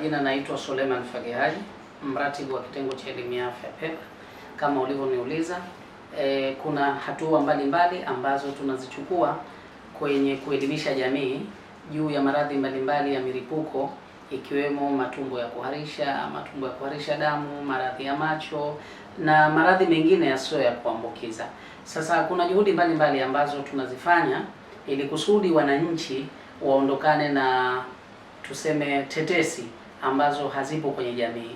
majina naitwa Suleiman Fagehaji, mratibu wa kitengo cha elimu ya afya PEPA. Kama ulivyoniuliza, e, kuna hatua mbalimbali mbali ambazo tunazichukua kwenye kuelimisha jamii juu ya maradhi mbalimbali ya milipuko ikiwemo matumbo ya kuharisha, matumbo ya kuharisha damu, maradhi ya macho na maradhi mengine yasiyo ya kuambukiza. Sasa kuna juhudi mbalimbali mbali ambazo tunazifanya ili kusudi wananchi waondokane na tuseme tetesi ambazo hazipo kwenye jamii.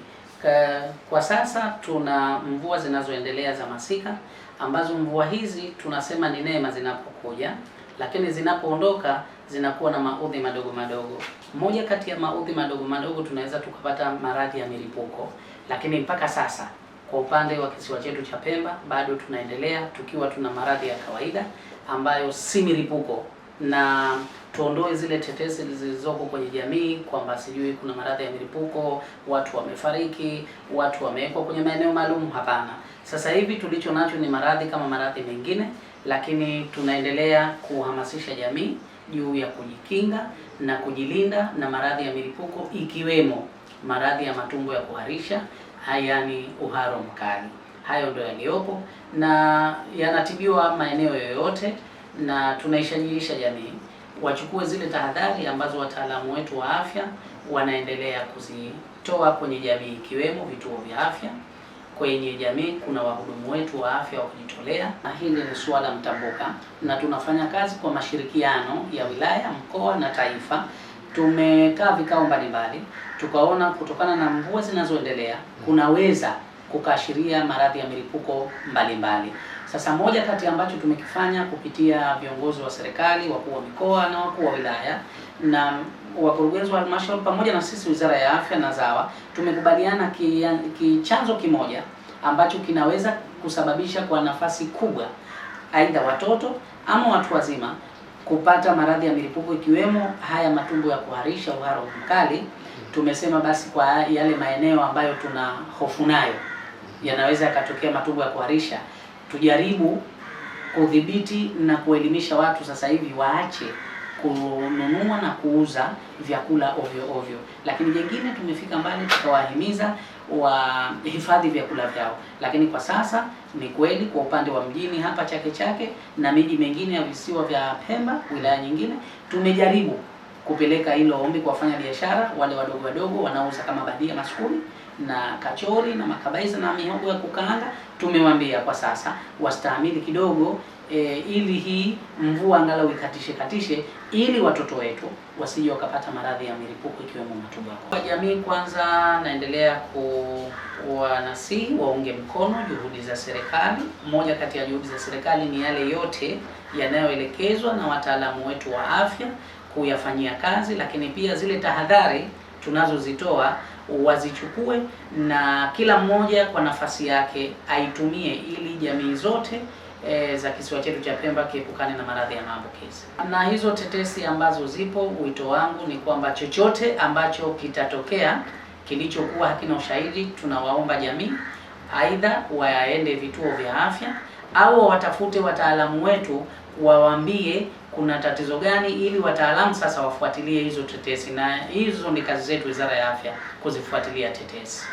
Kwa sasa tuna mvua zinazoendelea za masika, ambazo mvua hizi tunasema ni neema zinapokuja, lakini zinapoondoka zinakuwa na maudhi madogo madogo. Moja kati ya maudhi madogo madogo tunaweza tukapata maradhi ya milipuko, lakini mpaka sasa kwa upande wa kisiwa chetu cha Pemba bado tunaendelea tukiwa tuna maradhi ya kawaida ambayo si milipuko na tuondoe zile tetesi zilizoko kwenye jamii kwamba sijui kuna maradhi ya milipuko, watu wamefariki, watu wamewekwa kwenye maeneo maalum. Hapana, sasa hivi tulicho nacho ni maradhi kama maradhi mengine, lakini tunaendelea kuhamasisha jamii juu ya kujikinga na kujilinda na maradhi ya milipuko ikiwemo maradhi ya matumbo ya kuharisha, yaani uharo mkali. Hayo ndio yaliyopo na yanatibiwa maeneo yoyote, na tunaishajiisha jamii wachukue zile tahadhari ambazo wataalamu wetu wa afya wanaendelea kuzitoa kwenye jamii, ikiwemo vituo vya afya kwenye jamii kuna wahudumu wetu wa afya wa kujitolea, na hili ni suala mtambuka, na tunafanya kazi kwa mashirikiano ya wilaya, mkoa na taifa. Tumekaa vikao mbalimbali, tukaona kutokana na mvua zinazoendelea kunaweza kukaashiria maradhi ya milipuko mbalimbali. Sasa moja kati ambacho tumekifanya kupitia viongozi wa serikali, wakuu wa mikoa na wakuu wa wilaya na wakurugenzi wa halmashauri pamoja na sisi Wizara ya Afya na ZAWA tumekubaliana kichanzo ki kimoja ambacho kinaweza kusababisha kwa nafasi kubwa aidha watoto ama watu wazima kupata maradhi ya milipuko ikiwemo haya matumbo ya kuharisha, uharo mkali. Tumesema basi kwa yale maeneo ambayo tuna hofu nayo yanaweza yakatokea matumbo ya kuharisha tujaribu kudhibiti na kuelimisha watu sasa hivi waache kununua na kuuza vyakula ovyo ovyo. Lakini jengine tumefika mbali tukawahimiza wahifadhi vyakula vyao, lakini kwa sasa ni kweli kwa upande wa mjini hapa Chake Chake na miji mengine ya visiwa vya Pemba, wilaya nyingine tumejaribu kupeleka hilo ombi kwa wafanya biashara wale wadogo wadogo wanauza kama badia maskuli na kachori na makabaisa na mihogo ya kukaanga, tumewambia kwa sasa wastahimili kidogo e, ili hii mvua angalau ikatishe katishe, ili watoto wetu wasije wakapata maradhi ya milipuko ikiwemo matubako. Kwa jamii kwanza, naendelea ku kuwanasihi waunge mkono juhudi za serikali. Moja kati ya juhudi za serikali ni yale yote yanayoelekezwa na wataalamu wetu wa afya kuyafanyia kazi, lakini pia zile tahadhari tunazozitoa wazichukue na kila mmoja kwa nafasi yake aitumie ili jamii zote e, za kisiwa chetu cha Pemba kiepukane na maradhi ya maambukizi. Na hizo tetesi ambazo zipo, wito wangu ni kwamba chochote ambacho kitatokea kilichokuwa hakina ushahidi, tunawaomba jamii aidha waende vituo vya afya au watafute wataalamu wetu wawaambie kuna tatizo gani, ili wataalamu sasa wafuatilie hizo tetesi, na hizo ni kazi zetu Wizara ya Afya kuzifuatilia tetesi.